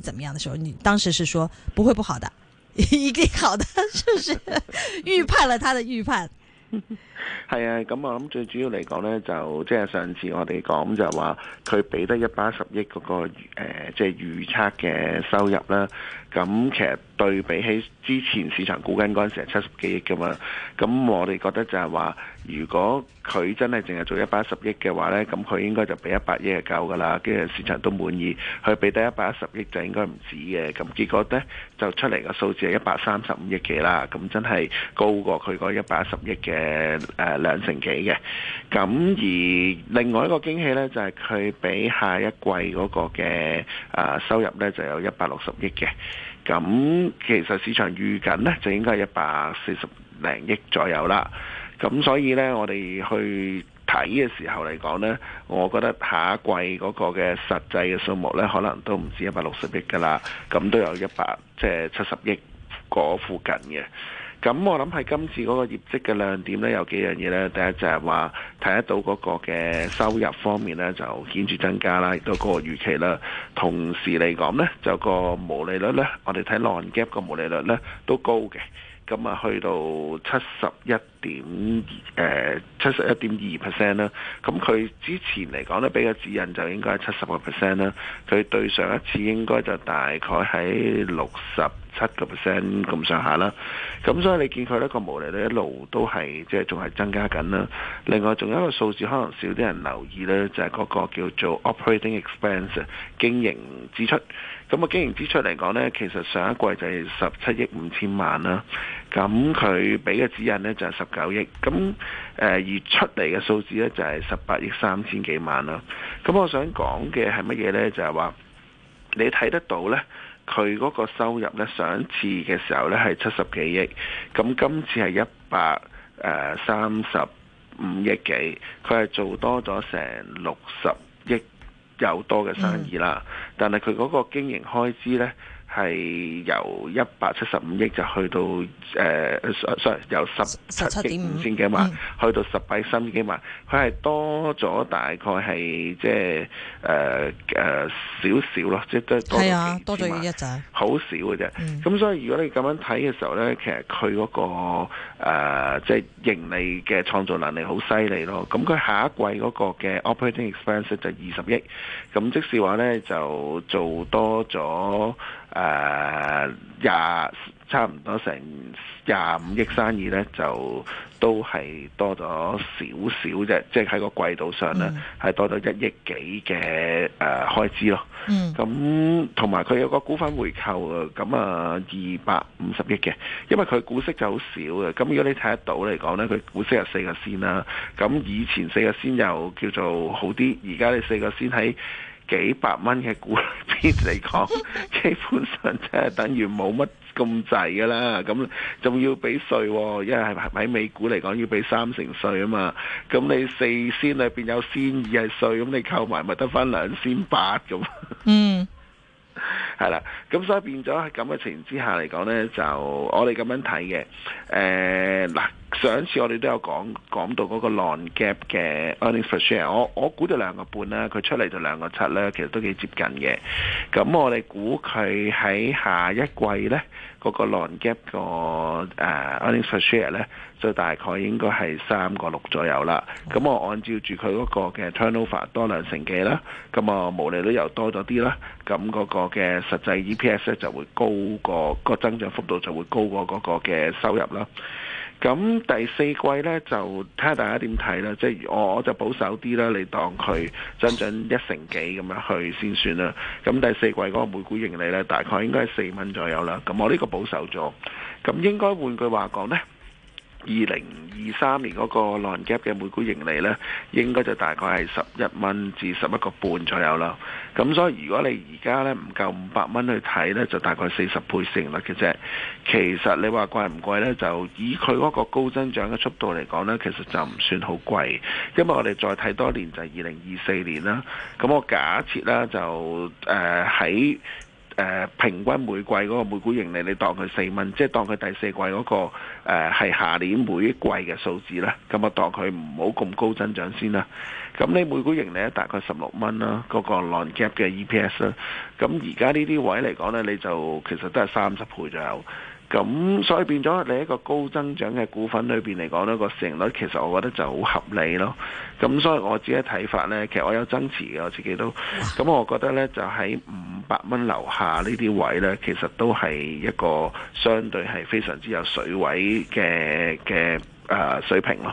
怎麼樣的時候，你當時是說不會不好的，一 定好的，是不是？預 判了他的預判。係啊， 咁我諗最主要嚟講咧，就即係、就是、上次我哋講就話，佢俾得一百一十億嗰個誒，即係預測嘅收入啦。咁其實對比起之前市場估緊嗰陣時係七十幾億噶嘛，咁我哋覺得就係話，如果佢真係淨係做一百一十億嘅話呢，咁佢應該就俾一百億就夠噶啦，跟住市場都滿意，佢俾得一百一十億就應該唔止嘅，咁結果呢，就出嚟個數字係一百三十五億幾啦，咁真係高過佢嗰一百一十億嘅誒兩成幾嘅。咁而另外一個驚喜呢，就係佢俾下一季嗰個嘅收入呢，就有一百六十億嘅。咁其實市場預緊呢，就應該係一百四十零億左右啦。咁所以呢，我哋去睇嘅時候嚟講呢，我覺得下一季嗰個嘅實際嘅數目呢，可能都唔止一百六十億噶啦。咁都有一百即係七十億嗰附近嘅。咁我諗係今次嗰個業績嘅亮點咧，有幾樣嘢咧。第一就係話睇得到嗰個嘅收入方面咧，就顯著增加啦，亦都過預期啦。同時嚟講咧，就個毛利率咧，我哋睇 non-GAAP 個毛利率咧都高嘅。咁啊，去到七十一點二誒，七十一點二 percent 啦。咁佢之前嚟講咧，畀個指引就應該係七十個 percent 啦。佢對上一次應該就大概喺六十七個 percent 咁上下啦，咁所以你見佢呢個毛利呢，一路都係即係仲係增加緊啦。另外仲有一個數字，可能少啲人留意呢，就係嗰個叫做 operating expense 經營支出。咁啊，經營支出嚟講呢，其實上一季就係十七億五千萬啦。咁佢俾嘅指引呢，就係十九億。咁誒而出嚟嘅數字呢，就係十八億三千幾萬啦。咁我想講嘅係乜嘢呢？就係話你睇得到呢。佢嗰個收入咧，上一次嘅時候咧，係七十幾億。咁今次係一百誒三十五億幾，佢係做多咗成六十億有多嘅生意啦，但係佢嗰個經營開支咧。係由一百七十五億就去到誒，呃、sorry，由十七億五千幾萬去到十八三千幾萬，佢係多咗大概係即係誒誒少少咯，即都係多萬是、啊、多咗幾億咋？好少嘅啫。咁、嗯、所以如果你咁樣睇嘅時候咧，其實佢嗰、那個即係、呃就是、盈利嘅創造能力好犀利咯。咁佢下一季嗰個嘅 operating expense 就二十億，咁即係話咧就做多咗。誒廿、uh, 差唔多成廿五億生意咧，就都係多咗少少啫，即係喺個季度上咧，係、mm. 多咗一億幾嘅誒開支咯。咁同埋佢有，有個股份回購啊，咁啊二百五十億嘅，因為佢股息就好少嘅。咁如果你睇得到嚟講咧，佢股息係四個仙啦。咁以前四個仙又叫做好啲，而家你四個仙喺。幾百蚊嘅股嚟講，基本上即係等於冇乜咁滯噶啦。咁仲要俾稅、啊，因為喺美股嚟講要俾三成稅啊嘛。咁你四仙裏面有仙二係稅，咁你扣埋咪得翻兩仙八咁。嗯，係啦。 咁所以變咗喺咁嘅情形之下嚟講呢，就我哋咁樣睇嘅。嗱、呃。上一次我哋都有講講到嗰個 non-GAAP 嘅 earnings per share，我我估到兩個半啦，佢出嚟就兩個七啦，其實都幾接近嘅。咁我哋估佢喺下一季呢，嗰、嗰個 non-GAAP 個 earnings per share 呢，就大概應該係三個六左右啦。咁我按照住佢嗰個嘅 turnover 多兩成幾啦，咁啊毛利率又多咗啲啦，咁嗰個嘅實際 EPS 咧就會高過，嗰個增長幅度就會高過嗰個嘅收入啦。咁第四季呢，就睇下大家點睇啦，即係我我就保守啲啦，你當佢增長，長一成幾咁樣去先算啦。咁第四季嗰個每股盈利呢，大概應該係四蚊左右啦。咁我呢個保守咗，咁應該換句話講呢。二零二三年嗰個 non-GAAP 嘅每股盈利呢，應該就大概係十一蚊至十一個半左右啦。咁所以如果你而家呢唔夠五百蚊去睇呢，就大概四十倍市盈率嘅啫。其實你話貴唔貴呢，就以佢嗰個高增長嘅速度嚟講呢，其實就唔算好貴。因為我哋再睇多年就係二零二四年啦。咁我假設呢，就誒喺。平均每季嗰個每股盈利，你當佢四蚊，即係當佢第四季嗰、嗰個係下、呃、年每一季嘅數字啦。咁啊，當佢唔好咁高增長先啦。咁你每股盈利大概十六蚊啦，嗰、嗰個攬 gap 嘅 EPS 啦。咁而家呢啲位嚟講呢，你就其實都係三十倍左右。咁、嗯、所以變咗你一個高增長嘅股份裏面嚟講，呢個市盈率其實我覺得就好合理咯。咁所以我自己睇法呢，其實我有增持嘅，我自己都。咁我覺得呢就喺五百蚊樓下呢啲位呢，其實都係一個相對係非常之有水位嘅嘅、呃、水平咯。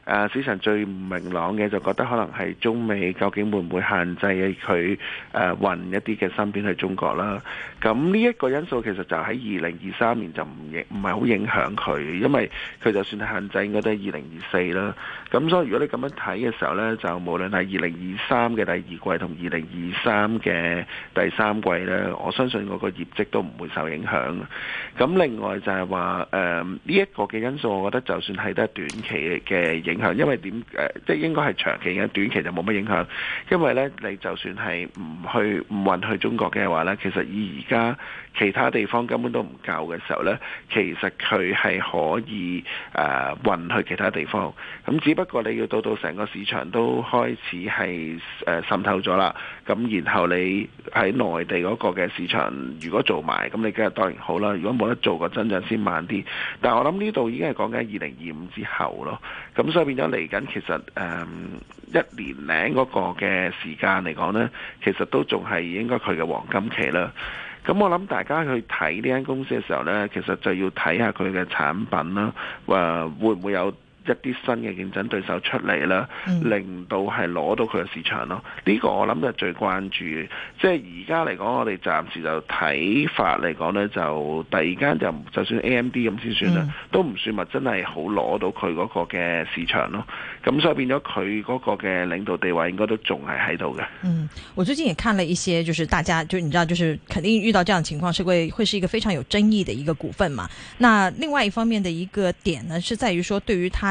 誒，市場最唔明朗嘅就覺得可能係中美究竟會唔會限制佢誒、啊、運一啲嘅芯片去中國啦？咁呢一個因素其實就喺二零二三年就唔影唔係好影響佢，因為佢就算係限制，應該都係二零二四啦。咁所以如果你咁樣睇嘅時候呢，就無論係二零二三嘅第二季同二零二三嘅第三季呢，我相信我個業績都唔會受影響。咁另外就係話誒呢一個嘅因素，我覺得就算係得短期嘅影響。因為點誒，即係應該係長期嘅，短期就冇乜影響。因為咧，你就算係唔去唔運去中國嘅話咧，其實以而家其他地方根本都唔夠嘅時候咧，其實佢係可以誒、呃、運去其他地方。咁只不過你要到到成個市場都開始係誒、呃、滲透咗啦。咁然後你喺內地嗰個嘅市場如果做埋，咁你梗日當然好啦。如果冇得做，個增長先慢啲。但係我諗呢度已經係講緊二零二五之後咯。咁所變咗嚟緊，其實誒，一年零嗰個嘅時間嚟講呢，其實都仲係應該佢嘅黃金期啦。咁我諗大家去睇呢間公司嘅時候呢，其實就要睇下佢嘅產品啦，話會唔會有？一啲新嘅競爭對手出嚟啦，令到係攞到佢嘅市場咯。呢、嗯、個我諗就最關注，即係而家嚟講，我哋暫時就睇法嚟講咧，就第二間就就算 AMD 咁先算啦，嗯、都唔算話真係好攞到佢嗰個嘅市場咯。咁所以變咗佢嗰個嘅領導地位應該都仲係喺度嘅。嗯，我最近也看了一些，就是大家就你知道，就是肯定遇到這樣的情況是會會是一個非常有爭議的一個股份嘛。那另外一方面的一個點呢，是在於說對於他。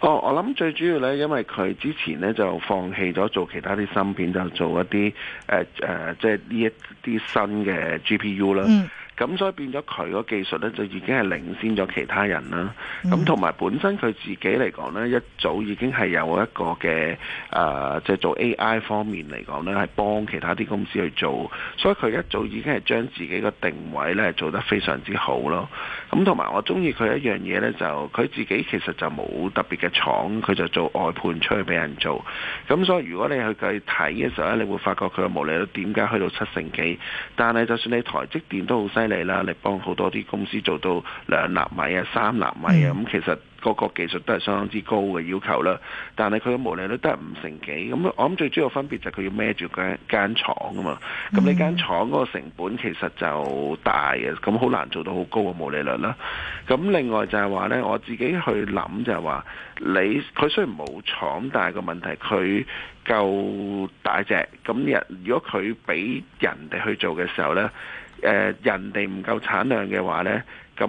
哦，我諗最主要咧，因為佢之前咧就放棄咗做其他啲芯片，就做一啲誒誒，即係呢一啲新嘅 GPU 啦。嗯咁所以變咗佢個技術咧，就已經係領先咗其他人啦。咁同埋本身佢自己嚟講咧，一早已經係有一個嘅誒，即、呃、係、就是、做 AI 方面嚟講咧，係幫其他啲公司去做。所以佢一早已經係將自己個定位咧，做得非常之好咯。咁同埋我中意佢一樣嘢咧，就佢自己其實就冇特別嘅廠，佢就做外判出去俾人做。咁所以如果你去睇嘅時候咧，你會發覺佢嘅毛利率點解去到七成幾？但係就算你台積電都好犀利。你啦，幫好多啲公司做到兩納米啊、三納米啊，咁、mm。其實個個技術都係相當之高嘅要求啦。但係佢嘅毛利率得五成幾，咁我諗最主要分別就係佢要孭住佢間廠啊嘛。咁你間廠嗰個成本其實就大嘅，咁好難做到好高嘅毛利率啦。咁另外就係話呢，我自己去諗就係話，你佢雖然冇廠，但係個問題佢夠大隻，咁如果佢俾人哋去做嘅時候呢。誒、呃、人哋唔夠產量嘅話呢，咁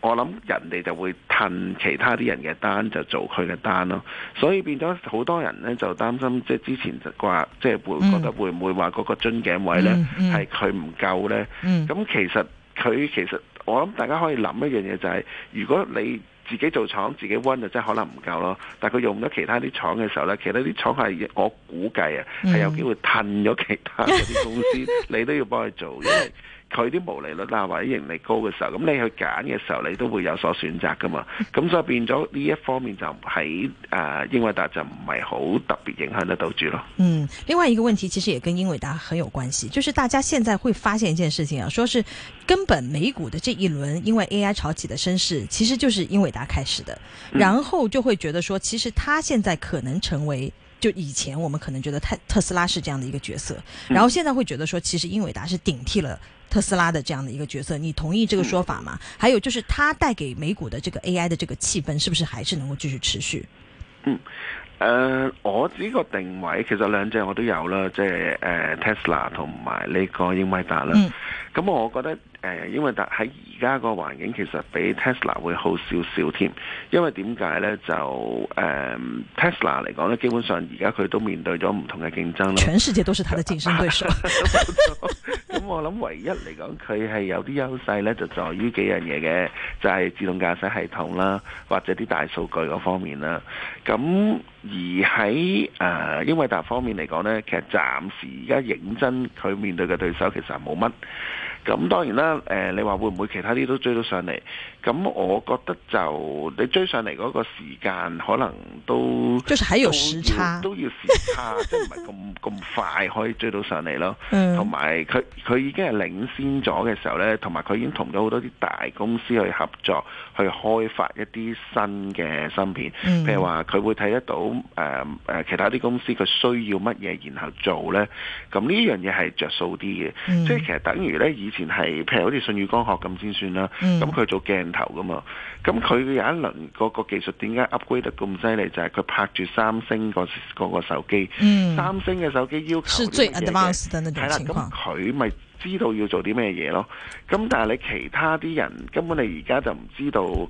我諗人哋就會褪其他啲人嘅單，就做佢嘅單咯。所以變咗好多人呢，就擔心，即係之前就話，即會覺得會唔會話嗰個樽頸位呢係佢唔夠呢。咁、嗯、其實佢其實我諗大家可以諗一樣嘢、就是，就係如果你自己做廠自己温就真係可能唔夠咯。但佢用咗其他啲廠嘅時候呢，其他啲廠係我估計啊係有機會褪咗其他嗰啲公司，嗯、你都要幫佢做，因為。佢啲毛利率啊，或者盈利高嘅時候，咁你去揀嘅時候，你都會有所選擇噶嘛。咁所以變咗呢一方面就喺誒、呃、英偉達就唔係好特別影響得到住咯。嗯，另外一個問題其實，也跟英偉達很有關係，就是大家現在會發現一件事情啊，說是根本美股的這一輪因為 AI 炒起的聲勢，其實就是英偉達開始的，然後就會覺得說其實，它現在可能成為。就以前我們可能覺得泰特斯拉是這樣的一個角色，嗯、然後現在會覺得說，其實英偉達是頂替了特斯拉的這樣的一個角色，你同意這個說法嗎？嗯、還有就是他帶給美股的這個 AI 的這個氣氛，是不是還是能夠繼續持續？嗯，呃，我這個定位其實兩隻我都有了，即係誒、呃、特斯拉同埋呢個英偉達啦。嗯咁我覺得誒、呃，英偉達喺而家個環境其實比 Tesla 會好少少添，因為點解呢？就誒、嗯、Tesla 嚟講呢基本上而家佢都面對咗唔同嘅競爭。全世界都是他的競爭對手。咁我諗唯一嚟講，佢係有啲優勢呢，就在於幾樣嘢嘅，就係、是、自動駕駛系統啦，或者啲大數據嗰方面啦。咁而喺誒，英偉達方面嚟講呢，其實暫時而家認真佢面對嘅對手其實冇乜。咁當然啦，誒，你話會唔會其他啲都追到上嚟？咁我覺得就你追上嚟嗰個時間，可能都、即係有時差、都要時差， 即係唔係咁咁快可以追到上嚟咯。同埋佢佢已經係領先咗嘅時候呢，同埋佢已經同咗好多啲大公司去合作，去開發一啲新嘅芯片。譬、嗯、如話佢會睇得到、呃呃、其他啲公司佢需要乜嘢，然後做呢。咁呢樣嘢係着數啲嘅。即係、嗯、其實等於呢，以前係譬如好似舜宇光學咁先算啦。咁佢、嗯、做鏡頭噶嘛，咁佢、嗯、有一輪嗰個技術點解 upgrade 得咁犀利，就係、是、佢拍住三星個嗰個手機，嗯、三星嘅手機要求，係啦，咁佢咪。知道要做啲咩嘢咯，咁但係你其他啲人根本你而家就唔知道誒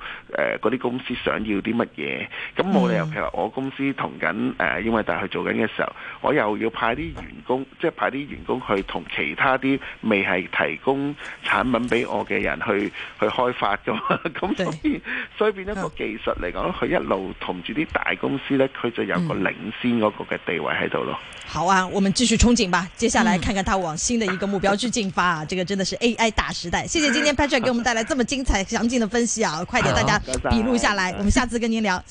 嗰啲公司想要啲乜嘢，咁冇理由譬如話我公司同緊誒英偉達去做緊嘅時候，我又要派啲員工，即係派啲員工去同其他啲未係提供產品俾我嘅人去對去開發噶嘛，咁所，對所以變咗個技術嚟講，佢一路同住啲大公司咧，佢就有個領先嗰個嘅地位喺度咯。好啊，我們繼續憧憬吧，接下來看看他往新的一個目標去。進發啊，這個真的是 AI 大時代！謝謝今天 Patrick 給我們帶來這麼精彩詳盡的分析啊， 快點大家筆錄下來，好我們下次跟您聊。